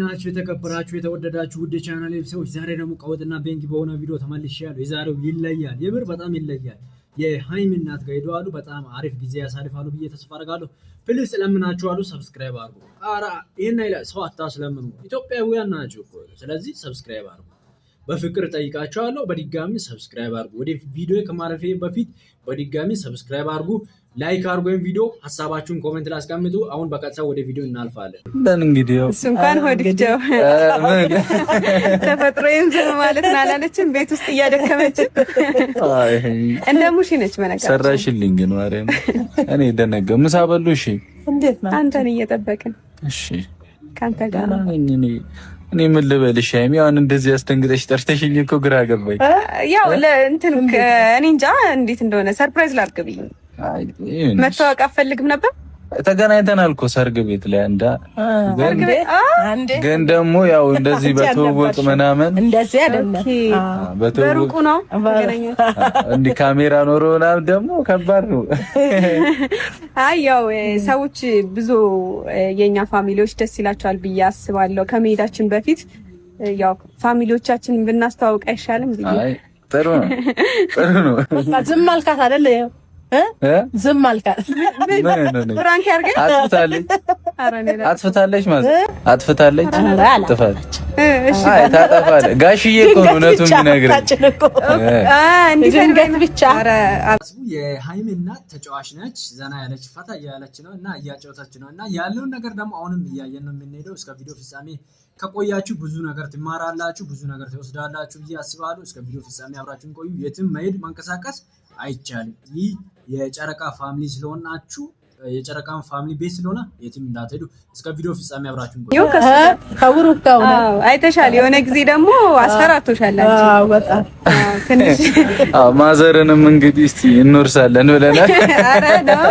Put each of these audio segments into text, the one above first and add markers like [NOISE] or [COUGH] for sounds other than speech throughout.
ናችሁ የተከበራችሁ የተወደዳችሁ ውድ ቻናል ሰዎች፣ ዛሬ ደግሞ ቀወጥና ቤንግ በሆነ ቪዲዮ ተመልሼ ያለሁ። የዛሬው ይለያል፣ የምር በጣም ይለያል። የሀይሚ እናት ጋር ሄደዋሉ። በጣም አሪፍ ጊዜ ያሳልፋሉ ብዬ ተስፋ አደርጋለሁ። ፕሊስ ለምናችኋሉ፣ ሰብስክራይብ አድርጉ። ይህን ሰው አታስለምኑ፣ ኢትዮጵያውያን ናችሁ። ስለዚህ ሰብስክራይብ አርጉ። በፍቅር ጠይቃቸዋለሁ። በድጋሚ ሰብስክራይብ አርጉ። ወደ ቪዲዮ ከማረፌ በፊት በድጋሚ ሰብስክራይብ አርጉ፣ ላይክ አርጉ፣ ወይም ቪዲዮ ሀሳባችሁን ኮሜንት ላይ አስቀምጡ። አሁን በቀጥታ ወደ ቪዲዮ እናልፋለን። ደን እንግዲህ እንኳን ሆድቸው [LAUGHS] ተፈጥሮዬም ዝም ማለት ናላለችን ቤት ውስጥ እያደከመችን እንደ ሙሽ ነች። መነጋ ሰራሽልኝ ግን ማርያም፣ እኔ ደነገ ምሳ በሉ። እሺ፣ አንተን እየጠበቅን እሺ፣ ከአንተ ጋር ነው እኔ ምን ልበልሽ ሀይሚ፣ አሁን እንደዚህ አስደንግጠሽ ጠርተሽኝ እኮ ግራ ገባኝ። ያው ለእንትን እኔ እንጃ እንዴት እንደሆነ ሰርፕራይዝ ላድርግ ብዬሽ መታወቅ አፈልግም ነበር ተገናኝተናል እኮ ሰርግ ቤት ላይ እንዳ ግን ደግሞ ያው እንደዚህ በትውውቅ ምናምን እንደዚህ አይደለም። በሩቁ ነው እንዲህ ካሜራ ኖሮ ምናምን ደግሞ ከባድ ነው። [LAUGHS] አይ ያው ሰዎች ብዙ የኛ ፋሚሊዎች ደስ ይላቸዋል ብዬ አስባለሁ። ከመሄዳችን በፊት ያው ፋሚሊዎቻችን ብናስተዋውቅ አይሻልም? ጥሩ ነው፣ ጥሩ ነው። ዝም አልካት አይደል? ዝም አልካት። ፍራንክ አጥፍታለች፣ ማለት አጥፍታለች። ጋሽዬ እኮ ነው እውነቱን የሚነግርህ። ብቻ የሀይሚ እናት ተጫዋች ነች፣ ዘና ያለች ፈታ እያለች ነው እና እያጫወተች ነው እና ያለውን ነገር ደግሞ አሁንም እያየን ነው የምንሄደው። እስከ ቪዲዮ ፍጻሜ ከቆያችሁ ብዙ ነገር ትማራላችሁ፣ ብዙ ነገር ትወስዳላችሁ ብዬ አስባለሁ። እስከ ቪዲዮ ፍጻሜ አብራችሁን ቆዩ። የትም መሄድ መንቀሳቀስ አይቻልም። ይህ የጨረቃ ፋሚሊ ስለሆናችሁ የጨረቃን ፋሚሊ ቤት ስለሆነ የትም እንዳትሄዱ እስከ ቪዲዮ ፍጻሜ አብራችሁን ከቡሩክ ጋር አይተሻል። የሆነ ጊዜ ደግሞ አስፈራቶሻላችሁ [LAUGHS] ማዘርንም እንግዲህ እስቲ እንወርሳለን ብለናል።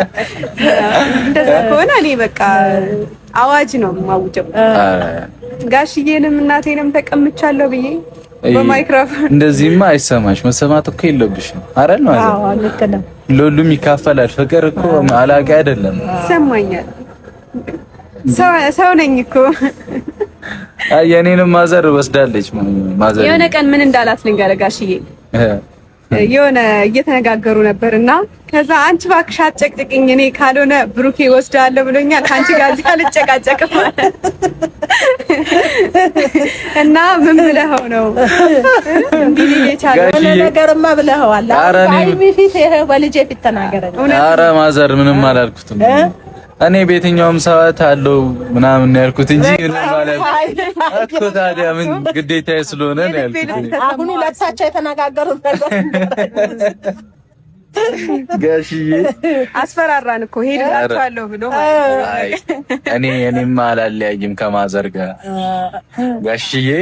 [LAUGHS] እንደዛ ከሆነ እኔ በቃ አዋጅ ነው የማውጀው። ጋሽዬንም እናቴንም ተቀምቻለሁ ብዬ በማይክሮፎን እንደዚህማ አይሰማሽ። መሰማት እኮ የለብሽም አይደል? ማለት ነው። አዎ ልክ ነው። ለሁሉም ይካፈላል። ፍቅር እኮ አላቂ አይደለም። ይሰማኛል። ሰው ነኝ እኮ የእኔንም ማዘር ወስዳለች። ማዘር የሆነ ቀን ምን እንዳላት ልንገርህ ጋሽዬ የሆነ እየተነጋገሩ ነበር እና ከዛ አንቺ እባክሽ አትጨቅጭቅኝ፣ እኔ ካልሆነ ብሩኬ ወስዳለሁ ብሎኛል፣ ከአንቺ ጋር እዚህ አልጨቃጨቅም እና ምን ብለኸው ነው እንዲህ የቻለው ነገርማ ብለኸዋል። ፊት በልጄ ፊት ተናገረ። አረ ማዘር ምንም አላልኩትም እኔ በየትኛውም ሰዓት አለው ምናምን ያልኩት እንጂ እኮ ታዲያ ምን ግዴታ ስለሆነ ነው ያልኩት። አሁን ሁለታቸው የተነጋገሩት ነገር ጋሽዬ አስፈራራን እኮ ሄድላችኋለሁ ብሎ እኔ እኔማ አላለያይም ከማዘር ጋር ጋሽዬ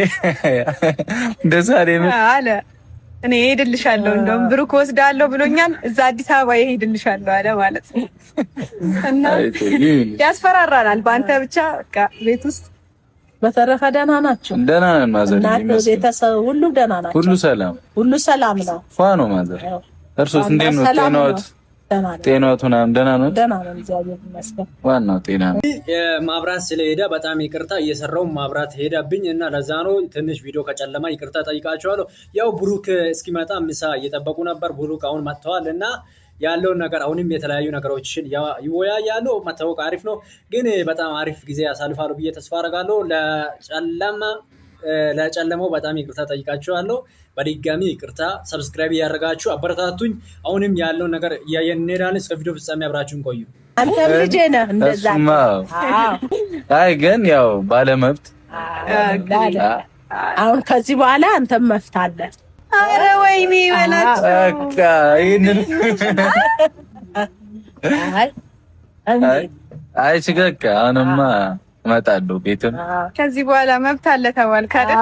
እንደዛ አለ። እኔ እሄድልሻለሁ እንደውም ብሩክ ወስዳለሁ ብሎኛል። እዛ አዲስ አበባ እሄድልሻለሁ አለ ማለት ነው። እና ያስፈራራናል። በአንተ ብቻ በቃ ቤት ውስጥ በተረፈ ደህና ናቸው። ደህና ነን ማዘር፣ ቤተሰብ ሁሉ ደህና ናቸው። ሁሉ ሰላም፣ ሁሉ ሰላም ነው። ፋኖ ነው ማዘር። እርሶስ እንዴት ነው ጤናዎት? ጤናቱ ምናምን ደህና ነው? ደህና ነው፣ እግዚአብሔር ይመስገን። ዋናው ጤና ነው። ማብራት ስለሄደ በጣም ይቅርታ እየሰራው ማብራት ሄደብኝ እና ለዛ ነው ትንሽ ቪዲዮ ከጨለማ ይቅርታ ጠይቃቸዋለሁ። ያው ብሩክ እስኪመጣ ምሳ እየጠበቁ ነበር። ብሩክ አሁን መጥተዋል እና ያለውን ነገር አሁንም የተለያዩ ነገሮችን ይወያያሉ። መታወቅ አሪፍ ነው፣ ግን በጣም አሪፍ ጊዜ ያሳልፋሉ ብዬ ተስፋ አደርጋለሁ። ለጨለማ ለጨለመው በጣም ይቅርታ ጠይቃቸዋለሁ። በድጋሚ ይቅርታ። ሰብስክራይብ እያደረጋችሁ አበረታቱኝ። አሁንም ያለውን ነገር እያየን እንሄዳለን። እስከ ቪዲዮ ፍጻሜ አብራችሁን ቆዩ። አይ ግን ያው ባለመብት አሁን ከዚህ በኋላ አንተም መፍታለን። አረ ወይኔ አይ ችግር አሁንማ እመጣለሁ ቤትም ከዚህ በኋላ መብት አለ ተባልክ አይደል?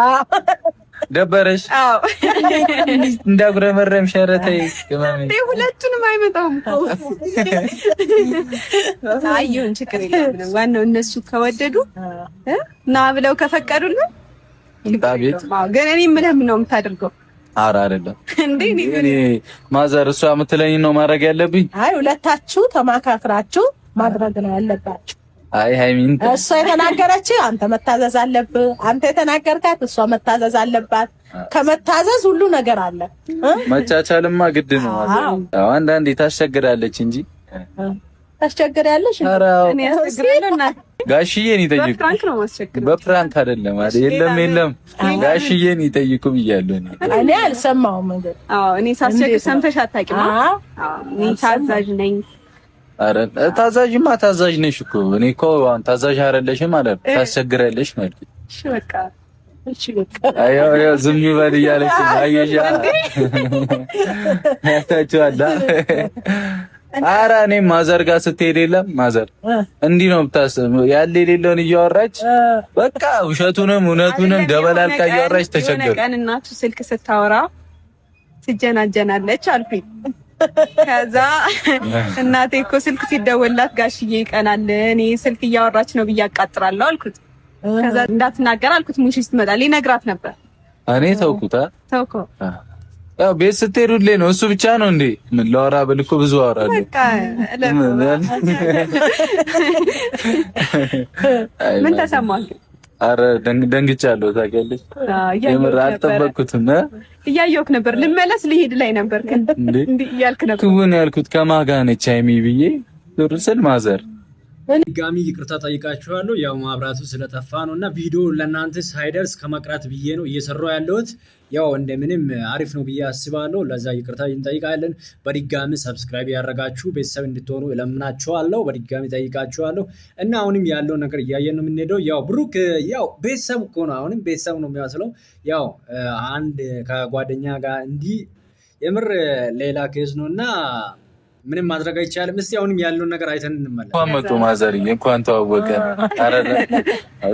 ደበረሽ? አዎ፣ እንዳጉረመረም ሸረተይ ግማሜ ሁለቱንም አይመጣም። አይሁን ችግር የለም። ዋናው እነሱ ከወደዱ ና ብለው ከፈቀዱልን ታቤት ግን እኔ ምንም ነው የምታደርገው አረ አይደለም እንዴ ማዘር፣ እሷ የምትለኝ ነው ማድረግ ያለብኝ። አይ ሁለታችሁ ተማካክራችሁ ማድረግ ነው ያለባችሁ። አይ ሃይሚን እሷ የተናገረች አንተ መታዘዝ አለብህ፣ አንተ የተናገርካት እሷ መታዘዝ አለባት። ከመታዘዝ ሁሉ ነገር አለ። መቻቻልማ ግድ ነው። አንዳንዴ ታስቸግራለች እንጂ ጋሽዬን ይጠይቁ ብያለሁ። እኔ አልሰማሁም። እኔ ሳስቸግር ሰምተሽ አታውቂም። ታዛዥ ነኝ ታዛዥማ ታዛዥ ነሽ እኮ እኔ እኮ አሁን ታዛዥ አይደለሽም ማለት ነው። ታስቸግሪያለሽ ማለት እሺ በቃ እሺ በቃ ዝም ይበል እያለች አየሽ። ያታችኋል። ኧረ እኔ ማዘር ጋር ስትሄድ የለም ማዘር እንዲህ ነው ብታስብ ያለ የሌለውን እያወራች በቃ ውሸቱንም እውነቱንም ደበላልቃ እያወራች ተቸገረ። ቀን እናቱ ስልክ ስታወራ ትጀናጀናለች አልኩኝ። ከዛ እናቴ እኮ ስልክ ሲደወላት ጋሽዬ ይቀናል፣ እኔ ስልክ እያወራች ነው ብዬ አቃጥራለሁ አልኩት። ከዛ እንዳትናገር አልኩት። ሙሽ ስትመጣል ይነግራት ነበር። እኔ ተውኩት ተውኩ። ቤት ስትሄዱልኝ ነው እሱ ብቻ ነው እንዴ? ምን ላወራ ብል እኮ ብዙ አወራለሁ። ምን አረ ደንግጫለሁ። ታውቂያለሽ፣ የምር አልጠበቅኩትም። እያየሁህ ነበር፣ ልመለስ ልሄድ ላይ ነበር፣ ግን እንዴ እያልክ ነበር። ክውን ያልኩት ከማን ጋር ነች ሃይሚ ብዬ ዞር ስል ማዘር ድጋሚ ይቅርታ ጠይቃችኋለሁ። ያው ማብራቱ ስለጠፋ ነው እና ቪዲዮ ለእናንተ ሳይደርስ ከመቅራት ብዬ ነው እየሰራው ያለሁት። ያው እንደምንም አሪፍ ነው ብዬ አስባለሁ። ለዛ ይቅርታ እንጠይቃለን። በድጋሚ ሰብስክራይብ ያደረጋችሁ ቤተሰብ እንድትሆኑ እለምናችኋለሁ። በድጋሚ ጠይቃችኋለሁ እና አሁንም ያለው ነገር እያየን ነው የምንሄደው። ያው ብሩክ ያው ቤተሰብ እኮ ነው፣ አሁንም ቤተሰብ ነው የሚያስለው። ያው አንድ ከጓደኛ ጋር እንዲህ የምር ሌላ ኬዝ ነው እና ምንም ማድረግ አይቻልም። እስቲ አሁንም ያለውን ነገር አይተን እንመለስ። እንኳን መጡ ማዘርዬ፣ እንኳን ተዋወቀ።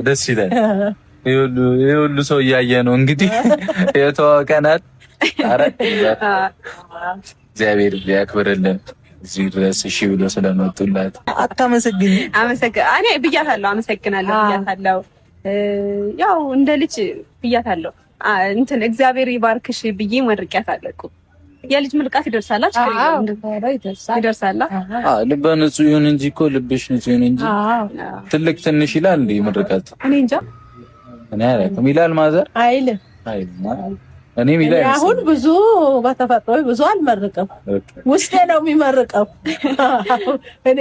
ደስ ይላል። ይህ ሁሉ ሰው እያየ ነው እንግዲህ [LAUGHS] የተዋወቀናል። አረ እግዚአብሔር ያክብርልን እዚህ ድረስ እሺ ብሎ ስለመጡላት አታመሰግኝ እኔ ብያታለሁ። አመሰግናለሁ ብያታለሁ። ያው እንደ ልጅ ብያታለሁ። እንትን እግዚአብሔር ይባርክሽ ብዬ መርቂያታለሁ። የልጅ ምልቃት ይደርሳላች ይደርሳላ ልበ ንጹህ ይሁን እንጂ እኮ ልብሽ ንጹህ ይሁን እንጂ ትልቅ ትንሽ ይላል እንዴ ምርቃት? እኔ እንጃ እኔ አላውቅም። ይላል ማዘር አይል እኔ ይላል። አሁን ብዙ በተፈጥሮ ብዙ አልመርቅም፣ ውስጤ ነው የሚመርቀው። [LAUGHS] እኔ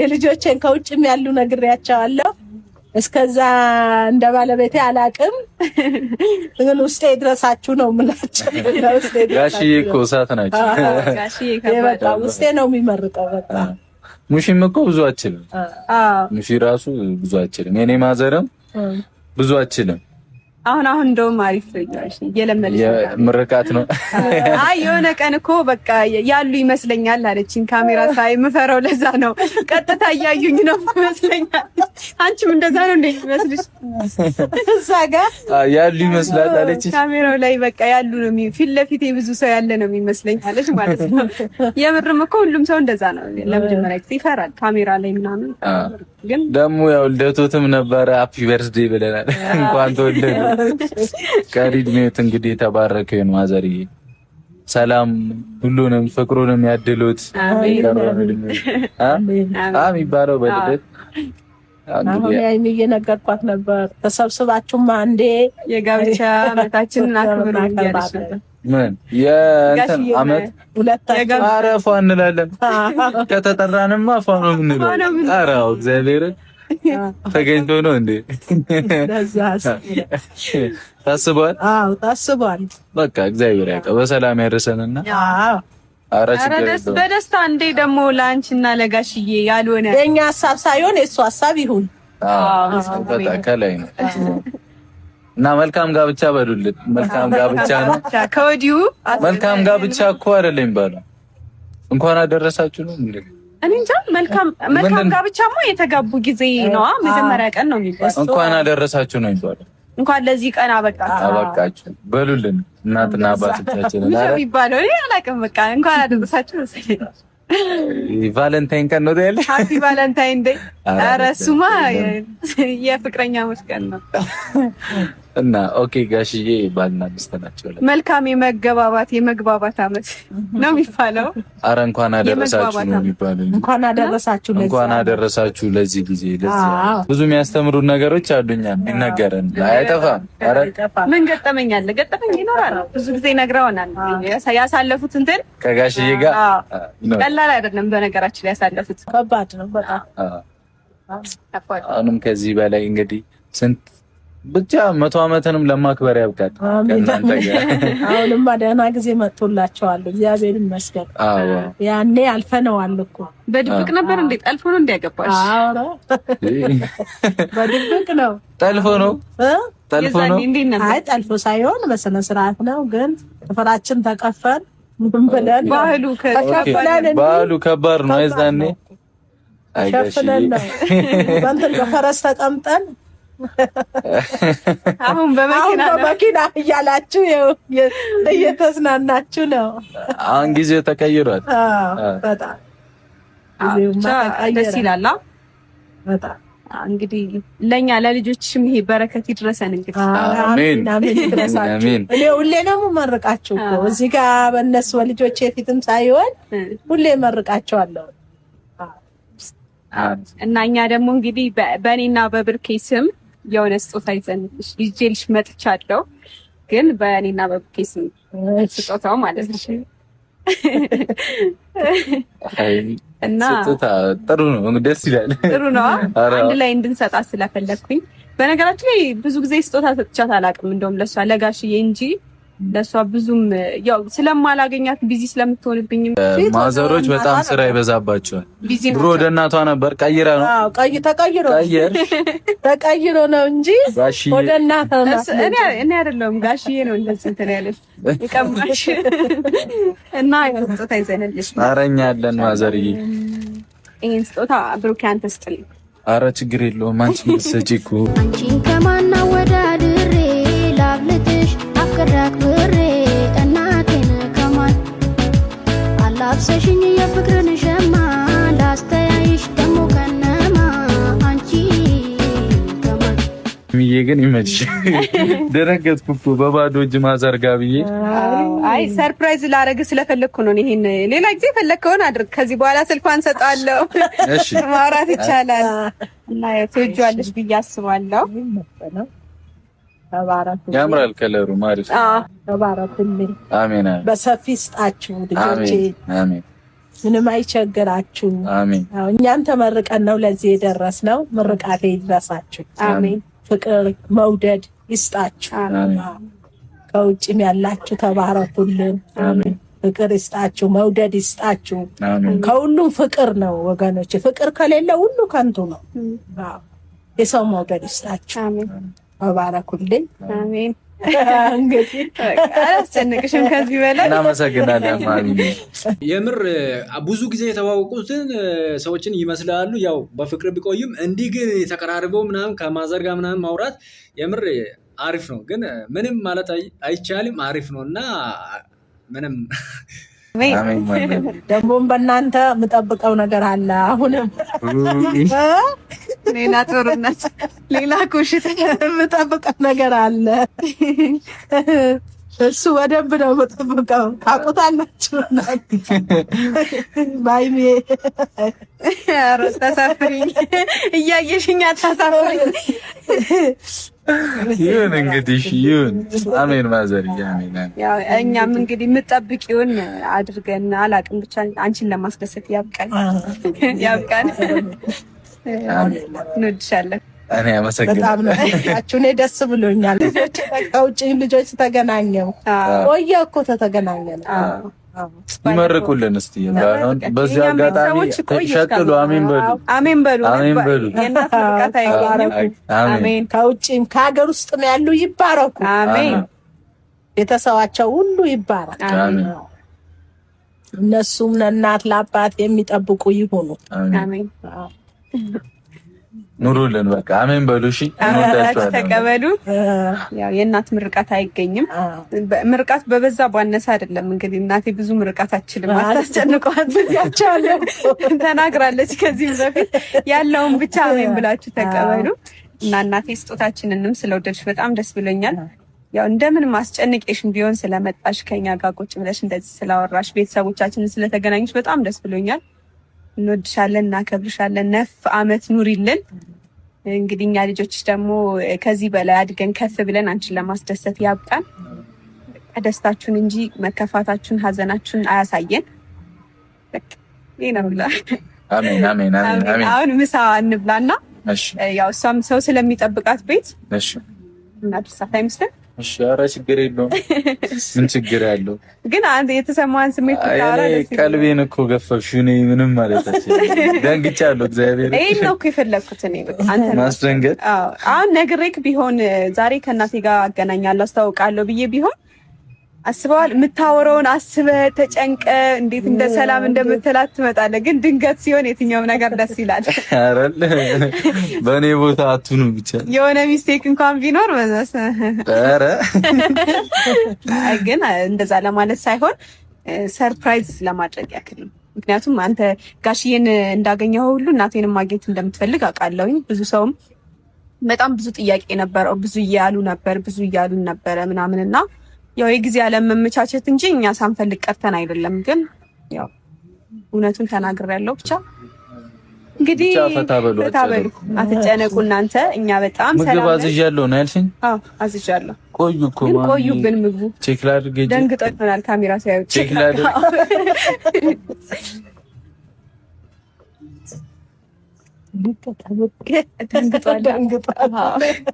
የልጆቼን ከውጭም ያሉ ነግሬያቸዋለሁ እስከዛ እንደ ባለቤቴ አላቅም፣ ግን ውስጤ ድረሳችሁ ነው የምላቸው። ጋሽዬ እኮ እሳት ናቸው። በጣም ውስጤ ነው የሚመርጠው። በጣም ሙሽም እኮ ብዙ አችልም። ሙሽ ራሱ ብዙ አችልም። የኔ ማዘርም ብዙ አችልም አሁን አሁን እንደውም አሪፍ እየለመደች ምርቃት ነው። አይ የሆነ ቀን እኮ በቃ ያሉ ይመስለኛል አለችኝ። ካሜራ ሳይ የምፈራው ለዛ ነው። ቀጥታ እያዩኝ ነው ይመስለኛል። አንቺም እንደዛ ነው እንደ ይመስልሽ? እዛ ጋር ያሉ ይመስላል አለችኝ። ካሜራው ላይ በቃ ያሉ ነው፣ ፊት ለፊቴ ብዙ ሰው ያለ ነው የሚመስለኝ አለች ማለት ነው። የምርም እኮ ሁሉም ሰው እንደዛ ነው። ለመጀመሪያ ጊዜ ይፈራል ካሜራ ላይ ምናምን ግን ደግሞ ያው ልደቱትም ነበረ ሃፒ በርስዴ ብለናል። እንኳን ተወለደ። ቀሪ እድሜዎት እንግዲህ የተባረከ ይሁን ማዘርዬ። ሰላም ሁሉንም ፍቅሩንም ያድሉት። አሜን ይባለው በልደት አሁን ያይም እየነገርኳት ነበር ተሰብስባችሁማ አንዴ የጋብቻ ዓመታችንን አክብሩ እያለች ነበር። ምን የእንትን አመት ኧረ ፏ እንላለን። ከተጠራንማ ፏ ነው የምንለው። ኧረ እግዚአብሔር ተገኝቶ ነው እንዴ? ታስቧል። አዎ ታስቧል። በቃ እግዚአብሔር ያውቃል። በሰላም ያደርሰንና በደስታ እንዴ ደግሞ ለአንቺና ለጋሽዬ ያልሆነ የእኛ ሀሳብ ሳይሆን የእሱ ሀሳብ ይሁን ከላይ ነው እና መልካም ጋብቻ በሉልን። መልካም ጋብቻ ነው ከወዲሁ። መልካም ጋብቻ እኮ አይደለም ባለ እንኳን አደረሳችሁ ነው እንዴ? እኔ እንጃ። መልካም መልካም ጋብቻማ የተጋቡ ጊዜ ነዋ። መጀመሪያ ቀን ነው የሚባለው። እንኳን አደረሳችሁ ነው የሚባለው። እንኳን ለዚህ ቀን አበቃችሁ አበቃችሁ በሉልን። እናትና አባቶቻችን ነው የሚባለው። እኔ አላውቅም። በቃ እንኳን አደረሳችሁ ነው ቫለንታይን ቀን ነው ያለ። ሃፒ ቫለንታይን ዴይ። ኧረ እሱማ የፍቅረኛሞች ቀን ነው። እና ኦኬ ጋሽዬ ባልና ሚስት ናቸው። መልካም የመገባባት የመግባባት አመት ነው የሚባለው። አረ እንኳን አደረሳችሁ ነው የሚባለው። እንኳን አደረሳችሁ እንኳን አደረሳችሁ ለዚህ ጊዜ። ብዙ የሚያስተምሩ ነገሮች አሉኛል ይነገረን አይጠፋም። ምን ገጠመኝ አለ ገጠመኝ ይኖራል። ብዙ ጊዜ ነግረውናል። ያሳለፉት እንትን ከጋሽዬ ጋር ቀላል አይደለም። በነገራችን ላይ ያሳለፉት ከባድ ነው በጣም አሁንም ከዚህ በላይ እንግዲህ ስንት ብቻ መቶ ዓመትንም ለማክበር ያብቃል። [LAUGHS] አሁንም ደህና ጊዜ መጥቶላቸዋል። እግዚአብሔር ይመስገን። ያኔ አልፈነዋል እኮ በድብቅ ነበር እንዴ? ጠልፎ ነው እንዲያገባሽ? በድብቅ ነው ጠልፎ ነው ጠልፎ ነው። አይ ጠልፎ ሳይሆን በስነ ስርዓት ነው። ግን ጥፍራችን ተቀፈል ባህሉ ከባድ ነው። ዛኔ ሸፍነን ነው በንትን በፈረስ ተቀምጠን አሁን በመኪና እያላችሁ እየተዝናናችሁ ነው። አሁን ጊዜ ተቀይሯል። በጣም ደስ ይላል። እንግዲህ ለእኛ ለልጆችሽም ይሄ በረከት ይድረሰን። እንግዲህ ሁሌ ነው መርቃችሁ እዚህ ጋር በእነሱ በልጆች የፊትም ሳይሆን ሁሌ መርቃቸዋለሁ እና እኛ ደግሞ እንግዲህ በእኔና በብርኬ ስም የሆነ ስጦታ ይዘንልሽ ይዤልሽ መጥቻለሁ። ግን በእኔና በቡኬ ስጦታው ማለት ነው። እና ጥሩ ነው፣ ደስ ይላል። ጥሩ ነው፣ አንድ ላይ እንድንሰጣ ስለፈለግኩኝ። በነገራችን ላይ ብዙ ጊዜ ስጦታ ሰጥቻት አላውቅም። እንደውም ለሷ ለጋሽዬ እንጂ ለእሷ ብዙም ያው ስለማላገኛት ቢዚ ስለምትሆንብኝም ማዘሮች በጣም ስራ ይበዛባቸዋል። ድሮ ወደ እናቷ ነበር ቀይራ ነው ተቀይሮ [LAUGHS] ተቀይሮ ነው እንጂ ወደ እናቷ እኔ አይደለሁም ጋሽዬ ነው እንደዚህ እንትን ያለች [LAUGHS] ይቀማሽ [LAUGHS] እና ስጦታ ይዘንልሽ አረኛ ያለን ማዘርዬ፣ ይህን ስጦታ ብሩክ አንተ ስጥልኝ። አረ ችግር የለውም አንቺ ሰጪ እኮ አንቺን ከማና አፍሰሽኝ የፍቅርን ሸማ ላስተያይሽ ደሞ ከነማ አንቺ ምዬ ግን ይመችሽ። [LAUGHS] ደነገጥኩ እኮ በባዶ እጅ ማዘርጋ ብዬ። አይ ሰርፕራይዝ ላረግ ስለፈለግኩ ነው። ይሄን ሌላ ጊዜ ፈለግከውን አድርግ። ከዚህ በኋላ ስልኳን ሰጣለሁ፣ ማውራት ይቻላል እና ትወጂዋለሽ ብዬ አስባለሁ። ያምራል ከለሩ ማሪፍ ተባረክልኝ። በሰፊ ስጣችሁ ልጆቼ፣ ምንም አይቸግራችሁ። እኛም ተመርቀን ነው ለዚህ የደረስ ነው። ምርቃቴ ይድረሳችሁ። አሜን። ፍቅር መውደድ ይስጣችሁ። ከውጭም ያላችሁ ተባረኩልን። ፍቅር ይስጣችሁ፣ መውደድ ይስጣችሁ። ከሁሉም ፍቅር ነው ወገኖች። ፍቅር ከሌለ ሁሉ ከንቱ ነው። የሰው መውደድ ይስጣችሁ። መባረኩልኝ። አሜን። አላስጨንቅሽም ከዚህ በላይ እናመሰግናለን። የምር ብዙ ጊዜ የተዋወቁትን ሰዎችን ይመስላሉ። ያው በፍቅር ቢቆዩም እንዲህ ግን ተቀራርበው ምናምን ከማዘር ጋር ምናምን ማውራት የምር አሪፍ ነው፣ ግን ምንም ማለት አይቻልም። አሪፍ ነው እና ምንም ደግሞም በእናንተ የምጠብቀው ነገር አለ አሁንም ሌላ ጦርነት፣ ሌላ ኮሽታ የምጠብቀው ነገር አለ። እሱ በደንብ ነው የምጠብቀው። ታውቁታላችሁ። ባይሜ ተሳፍሪኝ፣ እያየሽኛ ተሳፍሪኝ። ይሁን እንግዲህ ይሁን። አሜን ማዘር ያው እኛም እንግዲህ የምጠብቂውን አድርገን አላቅም። ብቻ አንቺን ለማስደሰት ያብቃል ያብቃል። እንወድሻለን። እኔ አመሰግናለሁ። እኔ ደስ ብሎኛል። ከውጭ ልጆች ተገናኘው ቆየ እኮ ተተገናኘን ይመርቁልን እስቲ በዚህ አጋጣሚ ሸጥሉ። አሜን በሉ፣ አሜን በሉ፣ አሜን በሉ። ከውጭም ከሀገር ውስጥም ያሉ ይባረኩ። አሜን። ቤተሰባቸው ሁሉ ይባረክ። እነሱም ለእናት ለአባት የሚጠብቁ ይሁኑ። አሜን። ኑሩልን በቃ አሜን በሉ። እሺ ተቀበሉ። ያው የእናት ምርቃት አይገኝም። ምርቃት በበዛ ባነሰ አይደለም። እንግዲህ እናቴ ብዙ ምርቃት አችልም፣ አታስጨንቋት ብያቸዋለሁ፣ ተናግራለች ከዚህ በፊት ያለውን ብቻ አሜን ብላችሁ ተቀበሉ እና እናቴ ስጦታችንንም ስለወደድሽ በጣም ደስ ብሎኛል። ያው እንደምን ማስጨንቄሽን ቢሆን ስለመጣሽ ከኛ ጋር ቁጭ ብለሽ እንደዚህ ስላወራሽ ቤተሰቦቻችንን ስለተገናኘሽ በጣም ደስ ብሎኛል። እንወድሻለን፣ እናከብርሻለን። ነፍ አመት ኑሪልን። እንግዲህ እኛ ልጆች ደግሞ ከዚህ በላይ አድገን ከፍ ብለን አንቺን ለማስደሰት ያብቃን። ደስታችሁን እንጂ መከፋታችሁን፣ ሀዘናችሁን አያሳየን። ይህ ነው ብላ አሁን ምሳ እንብላና ያው እሷም ሰው ስለሚጠብቃት ቤት እናድርሳት አይመስልም ኧረ ችግር የለውም። ምን ችግር ያለው ግን አንድ የተሰማን ስሜት ቀልቤን እኮ ገፈሽ። እኔ ምንም ማለት ደንግጫለሁ። እግዚአብሔር ይሄን ነው እኮ የፈለግኩት እኔ ማስደንገጥ። አዎ፣ አሁን ነግሬክ ቢሆን ዛሬ ከእናቴ ጋር አገናኛለሁ አስታውቃለሁ ብዬ ቢሆን አስበዋል። የምታወረውን አስበ ተጨንቀ እንዴት እንደ ሰላም እንደምትላት ትመጣለ ግን ድንገት ሲሆን የትኛውም ነገር ደስ ይላል። በእኔ ቦታ አቱኑ ብቻ የሆነ ሚስቴክ እንኳን ቢኖር በዛስ ኧረ ግን እንደዛ ለማለት ሳይሆን ሰርፕራይዝ ለማድረግ ያክል ነው። ምክንያቱም አንተ ጋሽዬን እንዳገኘው ሁሉ እናቴንም ማግኘት እንደምትፈልግ አውቃለሁኝ። ብዙ ሰውም በጣም ብዙ ጥያቄ ነበረው። ብዙ እያሉ ነበር ብዙ እያሉን ነበረ ምናምን እና ያው የጊዜ አለመመቻቸት እንጂ እኛ ሳንፈልግ ቀርተን አይደለም። ግን ያው እውነቱን ተናግር ያለው ብቻ እንግዲህ ፈታ ፈታበሉ፣ አትጨነቁ እናንተ። እኛ በጣም ምግብ አዝዣለሁ ነው ያልሽኝ? አዎ አዝዣለሁ። ቆዩ እኮ ግን ቆዩብን። ምግቡ ቼክ ላድርግ። ደንግጠናል ካሜራ ሲያዩ ቼክ ላድርግ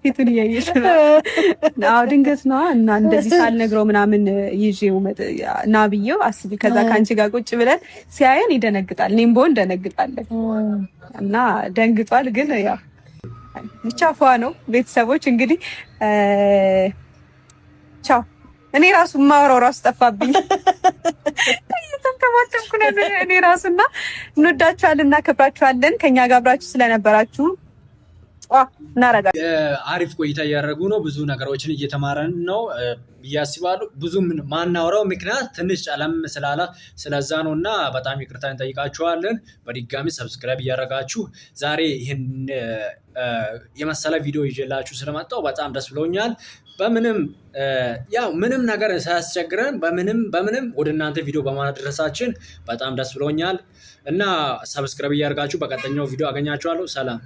ፊቱን እያየሽ ድንገት ነዋ። እና እንደዚህ ሳልነግረው ምናምን ይዤው ና ብዬው አስቢ። ከዛ ከአንቺ ጋር ቁጭ ብለን ሲያየን ይደነግጣል። እኔም ብሆን ደነግጣለን። እና ደንግጧል። ግን ያው ብቻ ፏ ነው። ቤተሰቦች እንግዲህ ቻው እኔ ራሱ ማውራው ራሱ ጠፋብኝ። እየተንከባከብኩ ነው እኔ ራሱና። እንወዳችኋለን፣ እናከብራችኋለን። ከኛ ጋር አብራችሁ ስለነበራችሁ አሪፍ ቆይታ እያደረጉ ነው። ብዙ ነገሮችን እየተማረን ነው እያስባሉ ብዙ ማናውራው ምክንያት ትንሽ ጨለም ስላለ ስለዛ ነው እና በጣም ይቅርታ እንጠይቃችኋለን። በድጋሚ ሰብስክራይብ እያደረጋችሁ ዛሬ ይህን የመሰለ ቪዲዮ ይዤላችሁ ስለመጣው በጣም ደስ ብሎኛል። በምንም ያው ምንም ነገር ሳያስቸግረን በምንም በምንም ወደ እናንተ ቪዲዮ በማድረሳችን በጣም ደስ ብሎኛል እና ሰብስክራይብ እያደርጋችሁ በቀጠኛው ቪዲዮ አገኛችኋለሁ። ሰላም